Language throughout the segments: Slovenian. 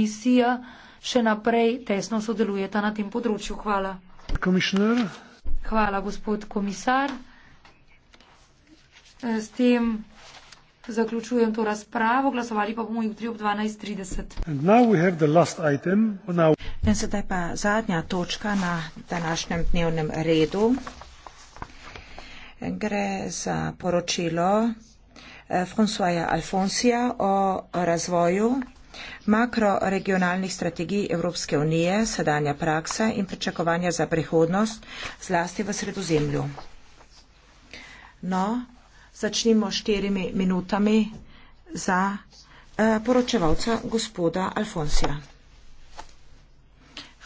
komisija še naprej tesno sodelujeta na tem področju. Hvala. Komisar. Hvala, gospod komisar. S tem zaključujem to razpravo. Glasovali pa bomo jutri ob 12.30. In sedaj pa zadnja točka na današnjem dnevnem redu. Gre za poročilo eh, Fransuaja Alfonsija o razvoju makroregionalnih strategij Evropske unije, sedanja praksa in pričakovanja za prihodnost, zlasti v sredozemlju. No, začnimo s štirimi minutami za eh, poročevalca gospoda Alfonsija.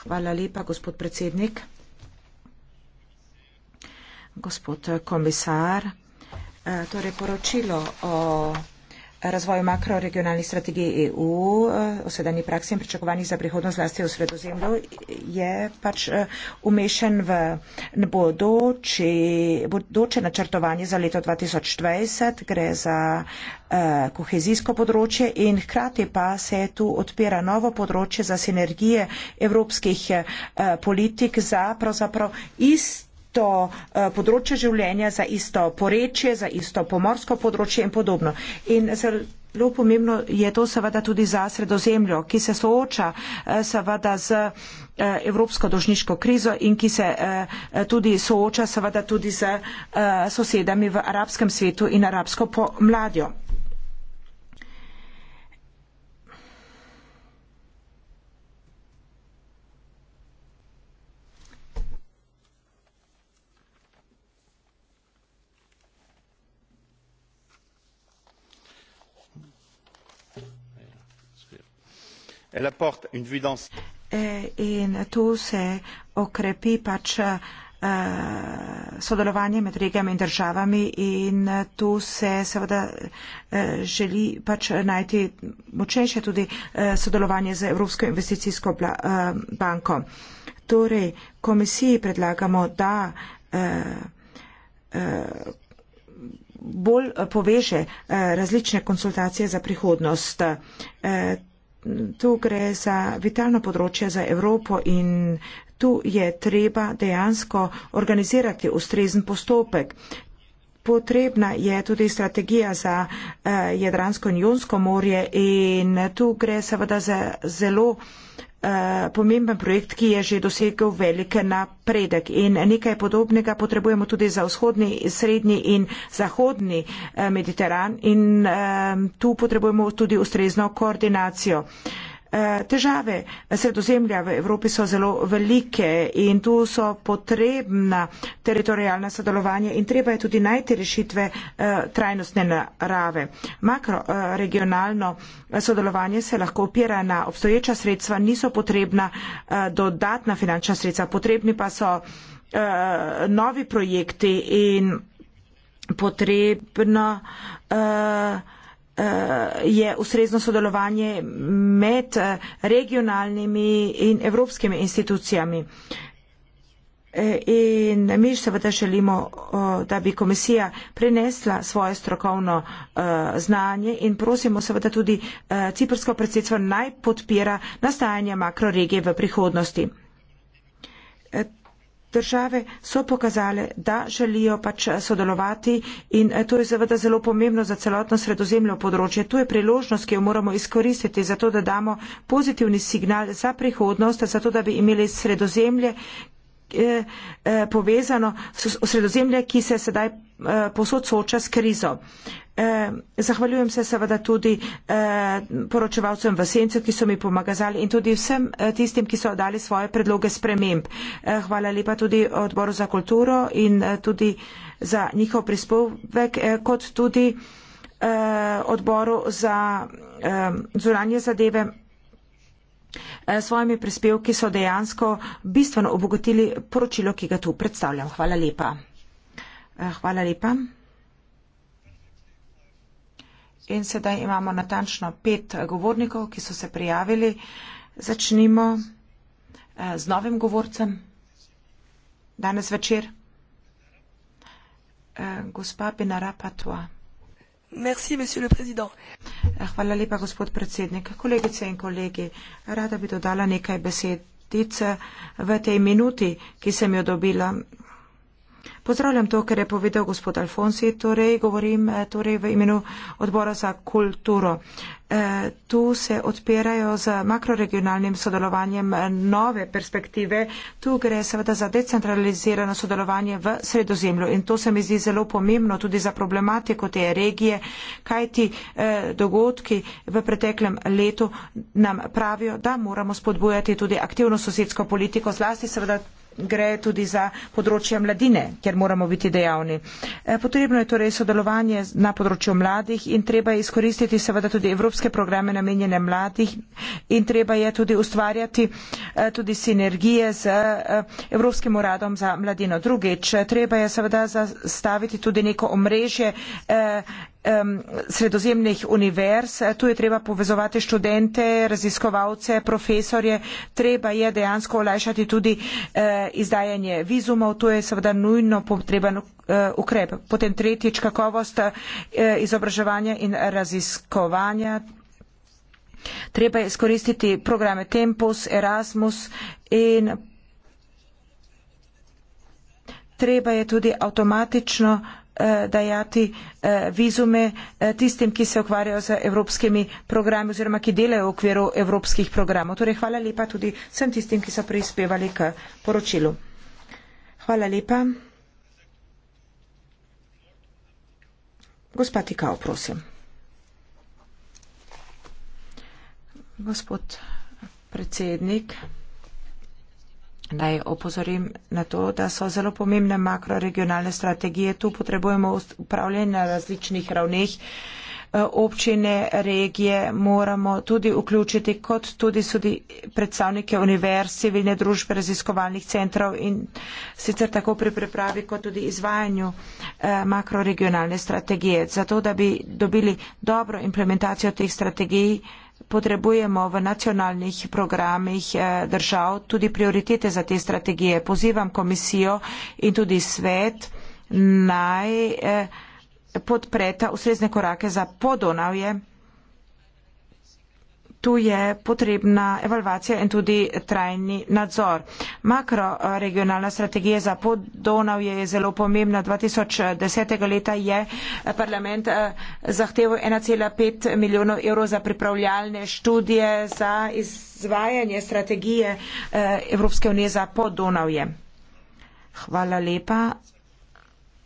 Hvala lepa, gospod predsednik. Gospod eh, komisar, eh, torej poročilo o. Eh, razvoju makroregionalnih strategij EU, eh, o sedanji praksi in pričakovanjih za prihodnost zlasti v sredozemlju, je pač eh, umešen v bodoči, bodoče načrtovanje za leto 2020, gre za eh, kohezijsko področje in hkrati pa se tu odpira novo področje za sinergije evropskih politik za pravzaprav isto isto eh, področje življenja, za isto porečje, za isto pomorsko področje in podobno. In zelo pomembno je to seveda tudi za sredozemljo, ki se sooča eh, seveda z eh, evropsko dožniško krizo in ki se tudi sooča seveda tudi z sosedami v arabskem svetu in arabsko pomladjo. Elle apporte une vue d'ensemble. Pač, e, sodelovanje med regijami in državami in tu se seveda e, želi pač najti močnejše tudi e, sodelovanje z Evropsko investicijsko banko. Torej, komisiji predlagamo, da bolj poveže različne konsultacije za prihodnost tu gre za vitalno področje za Evropo in tu je treba dejansko organizirati ustrezen postopek potrebna je tudi strategija za uh, Jadransko in Jonsko morje in tu gre seveda za zelo uh, pomemben projekt, ki je že dosegel velike napredek in nekaj podobnega potrebujemo tudi za vzhodni, srednji in zahodni uh, Mediteran in uh, tu potrebujemo tudi ustrezno koordinacijo. Uh, Eh, težave sredozemlja v Evropi so zelo velike in tu so potrebna teritorijalna sodelovanja in treba je tudi najti rešitve eh, trajnostne narave. Makroregionalno eh, sodelovanje se lahko opira na obstoječa sredstva, niso potrebna dodatna finančna sredstva, potrebni pa so novi projekti in potrebno. Uh, Eh, je ustrezno sodelovanje med eh, regionalnimi in evropskimi institucijami. Eh, in mi seveda želimo, da bi komisija prenesla svoje strokovno znanje in prosimo seveda tudi ciprsko predsedstvo naj podpira nastajanje makroregije v prihodnosti države so pokazale, da želijo pač sodelovati in eh, to je seveda zelo pomembno za celotno sredozemljo področje. To je priložnost, ki jo moramo izkoristiti za to, da damo pozitivni signal za prihodnost, za to, da bi imeli sredozemlje eh, eh, povezano s sredozemlje, ki se sedaj posod soča s krizo. Eh, zahvaljujem se seveda tudi eh, poročevalcem v Sencu, ki so mi pomagali in tudi vsem eh, tistim, ki so dali svoje predloge sprememb. Hvala lepa tudi odboru za kulturo in tudi za njihov prispevek, kot tudi odboru za zunanje zadeve. Svojimi prispevki so dejansko bistveno obogatili poročilo, ki ga tu predstavljam. Hvala lepa. Hvala lepa. In sedaj imamo natančno pet govornikov, ki so se prijavili. Začnimo eh, z novim govorcem danes večer. Eh, gospa Pinara Patua. Merci, eh, Hvala lepa, gospod predsednik. Kolegice in kolegi, rada bi dodala nekaj besedice v tej minuti, ki sem jo dobila. Pozdravljam to, kar je povedal gospod Alfonsi, torej govorim eh, torej v imenu odbora za kulturo. Eh, tu se odpirajo z makroregionalnim sodelovanjem eh, nove perspektive. Tu gre seveda za decentralizirano sodelovanje v sredozemlju in to se mi zdi zelo pomembno tudi za problematiko te regije, kajti dogodki v preteklem letu nam pravijo, da moramo spodbujati tudi aktivno sosedsko politiko, zlasti seveda gre tudi za področje mladine, kjer moramo biti dejavni. Eh, potrebno je torej sodelovanje na področju mladih in treba je izkoristiti seveda tudi evropske programe namenjene mladih in treba je tudi ustvarjati eh, tudi sinergije z eh, Evropskim uradom za mladino. Drugič, treba je seveda zastaviti tudi neko omrežje sredozemnih univerz. Tu je treba povezovati študente, raziskovalce, profesorje. Treba je dejansko olajšati tudi eh, izdajanje vizumov. Tu je seveda nujno potreben eh, ukrep. Potem tretjič, kakovost eh, izobraževanja in raziskovanja. Treba je izkoristiti programe Tempus, Erasmus in treba je tudi avtomatično Eh, dajati eh, vizume eh, tistim, ki se ukvarjajo z evropskimi programi oziroma ki delajo v okviru evropskih programov. Torej, hvala lepa tudi vsem tistim, ki so prispevali k poročilu. Hvala lepa. Gospod Tikao, prosim. Gospod predsednik. Naj opozorim na to, da so zelo pomembne makroregionalne strategije. Tu potrebujemo upravljanje na različnih ravneh e, občine, regije, moramo tudi vključiti kot tudi sudi predstavnike univerz, civilne družbe, raziskovalnih centrov in sicer tako pri pripravi kot tudi izvajanju eh, makroregionalne strategije. Zato, da bi dobili dobro implementacijo teh strategij, eh, potrebujemo v nacionalnih programih eh, držav tudi prioritete za te strategije. Pozivam komisijo in tudi svet naj eh, podpreta ustrezne korake za podonavje tu je potrebna evalvacija in tudi trajni nadzor. Makroregionalna strategija za Podonav je zelo pomembna. 2010. leta je parlament eh, zahteval 1,5 milijonov evrov za pripravljalne študije za izvajanje strategije eh, Evropske unije za Podonavje. Hvala lepa.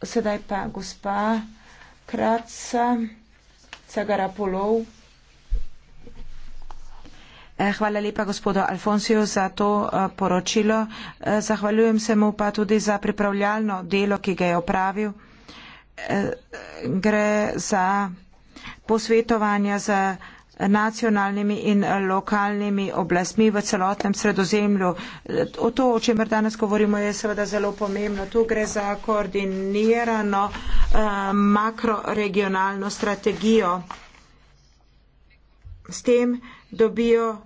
Sedaj pa gospa Kratca, Cagara Polov. Eh, hvala lepa gospodu Alfonsiju za to eh, poročilo. Eh, zahvaljujem se mu pa tudi za pripravljalno delo, ki ga je opravil. Gre za posvetovanja z nacionalnimi in lokalnimi oblastmi v celotnem sredozemlju. O to, o čemer danes govorimo, je seveda zelo pomembno. Tu gre za koordinirano makroregionalno strategijo. S tem dobijo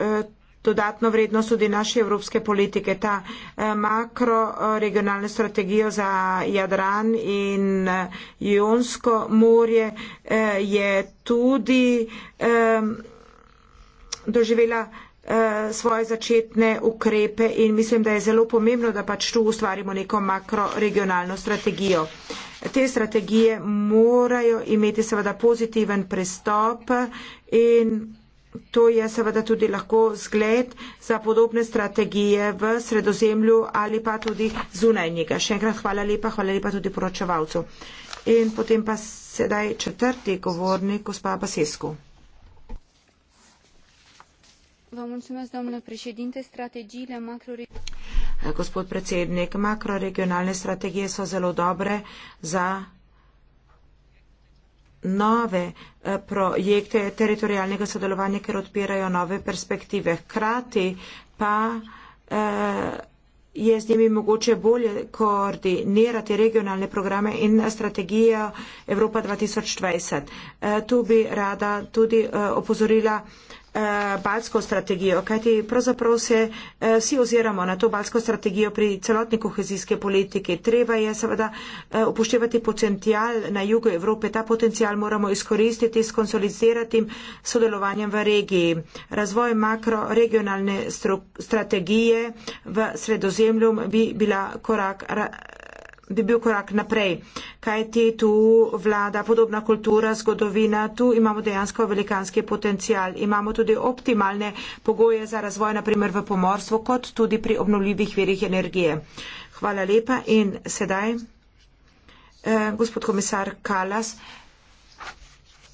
Eh, dodatno vrednost tudi naše evropske politike, ta eh, makroregionalna eh, strategija za Jadran in Jonsko morje je tudi doživela svoje začetne ukrepe in mislim, da je zelo pomembno, da pač tu ustvarimo neko makroregionalno strategijo. Te strategije morajo imeti seveda pozitiven prestop in To je seveda tudi lahko zgled za podobne strategije v sredozemlju ali pa tudi zunaj njega. Še enkrat hvala lepa, hvala lepa tudi poročevalcu. In potem pa sedaj četrti govornik, gospa Basesko. Gospod predsednik, makroregionalne strategije so zelo dobre za nove eh, projekte teritorijalnega sodelovanja, ker odpirajo nove perspektive. Hkrati pa eh, je z njimi mogoče bolje koordinirati regionalne programe in strategijo Evropa 2020. Eh, tu bi rada tudi opozorila Eh, balsko strategijo, kajti pravzaprav se eh, vsi oziramo na to balsko strategijo pri celotni kohezijske politike. Treba je seveda eh, upoštevati potencial na jugu Evrope. Ta potencial moramo izkoristiti s konsolideratim sodelovanjem v regiji. Razvoj makroregionalne strategije v sredozemlju bi bila korak da je bil korak naprej. Kaj ti tu vlada podobna kultura, zgodovina, tu imamo dejansko velikanski potencial. Imamo tudi optimalne pogoje za razvoj, naprimer v pomorstvu, kot tudi pri obnovljivih verjih energije. Hvala lepa in sedaj, eh, gospod komisar Kalas,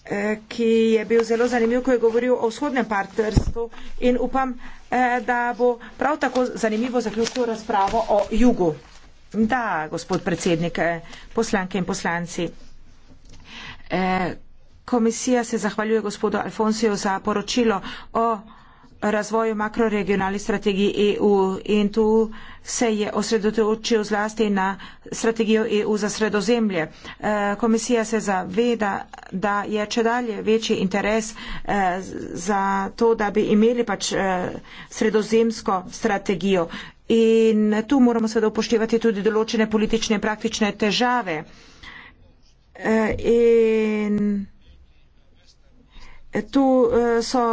eh, ki je bil zelo zanimiv, ko je govoril o vzhodnem partnerstvu in upam, eh, da bo prav tako zanimivo zaključil razpravo o jugu. Da, gospod predsednik, eh, poslanke in poslanci. Eh, komisija se zahvaljuje gospodu Alfonsiju za poročilo o razvoju makroregionalnih strategij EU in tu se je osredotočil zlasti na strategijo EU za sredozemlje. Eh, komisija se zaveda, da je če dalje večji interes za to, da bi imeli pač sredozemsko strategijo. In tu moramo seveda upoštevati tudi določene politične in praktične težave. Eh, in tu eh, so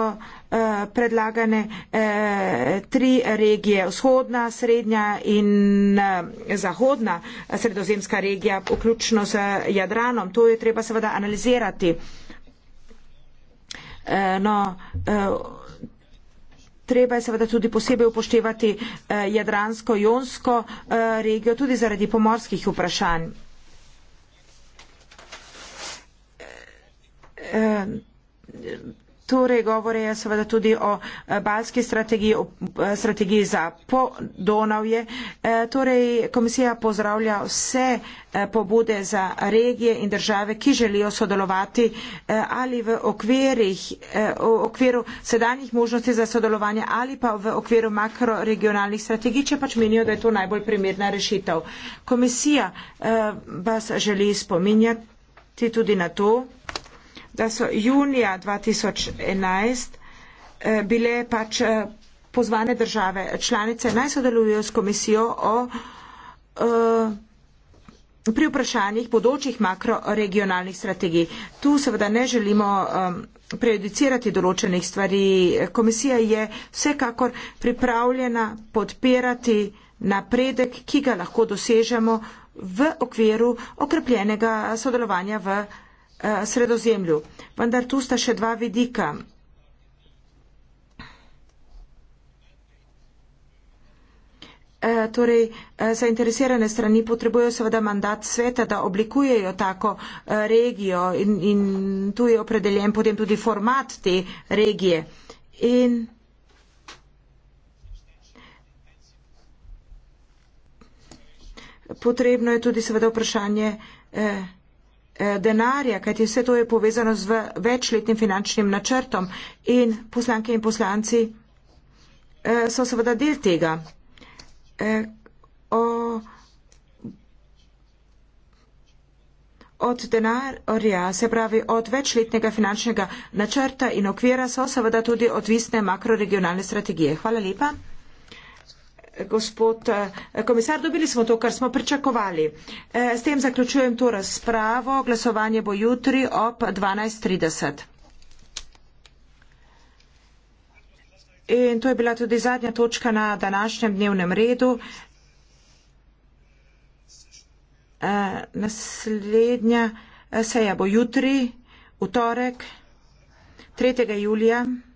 eh, predlagane tri regije, vzhodna, srednja in zahodna sredozemska regija, vključno z Jadranom. To je treba seveda analizirati. No, Treba je seveda tudi posebej upoštevati eh, Jadransko-Jonsko eh, regijo, tudi zaradi pomorskih vprašanj. Eh, eh, Torej, govore je seveda tudi o eh, balski strategiji, o eh, strategiji za podonavje. Eh, torej, komisija pozdravlja vse pobude za regije in države, ki želijo sodelovati ali v, okvirih, v okviru sedanjih možnosti za sodelovanje ali pa v okviru makroregionalnih strategij, če pač menijo, da je to najbolj primerna rešitev. Komisija vas želi spominjati tudi na to, da so junija 2011 eh, bile pač eh, pozvane države članice naj sodelujejo s komisijo o, o, eh, pri vprašanjih bodočih makroregionalnih strategij. Tu seveda ne želimo prejudicirati določenih stvari. Komisija je vsekakor pripravljena podpirati napredek, ki ga lahko dosežemo v okviru okrepljenega sodelovanja v Eh, sredozemlju. Vendar tu sta še dva vidika. Eh, torej, eh, zainteresirane strani potrebujejo seveda mandat sveta, da oblikujejo tako regijo in, in tu je opredeljen potem tudi format te regije. In potrebno je tudi seveda vprašanje. Eh, Eh, denarja, kajti vse to je povezano z večletnim finančnim načrtom in poslanke in poslanci eh, so seveda del tega. Eh, od denarja, se pravi od večletnega finančnega načrta in okvira so seveda tudi odvisne makroregionalne strategije. Hvala lepa gospod eh, komisar, dobili smo to, kar smo pričakovali. Eh, s tem zaključujem to razpravo. Glasovanje bo jutri ob 12.30. In to je bila tudi zadnja točka na današnjem dnevnem redu. Eh, naslednja seja bo jutri, v torek, 3. julija.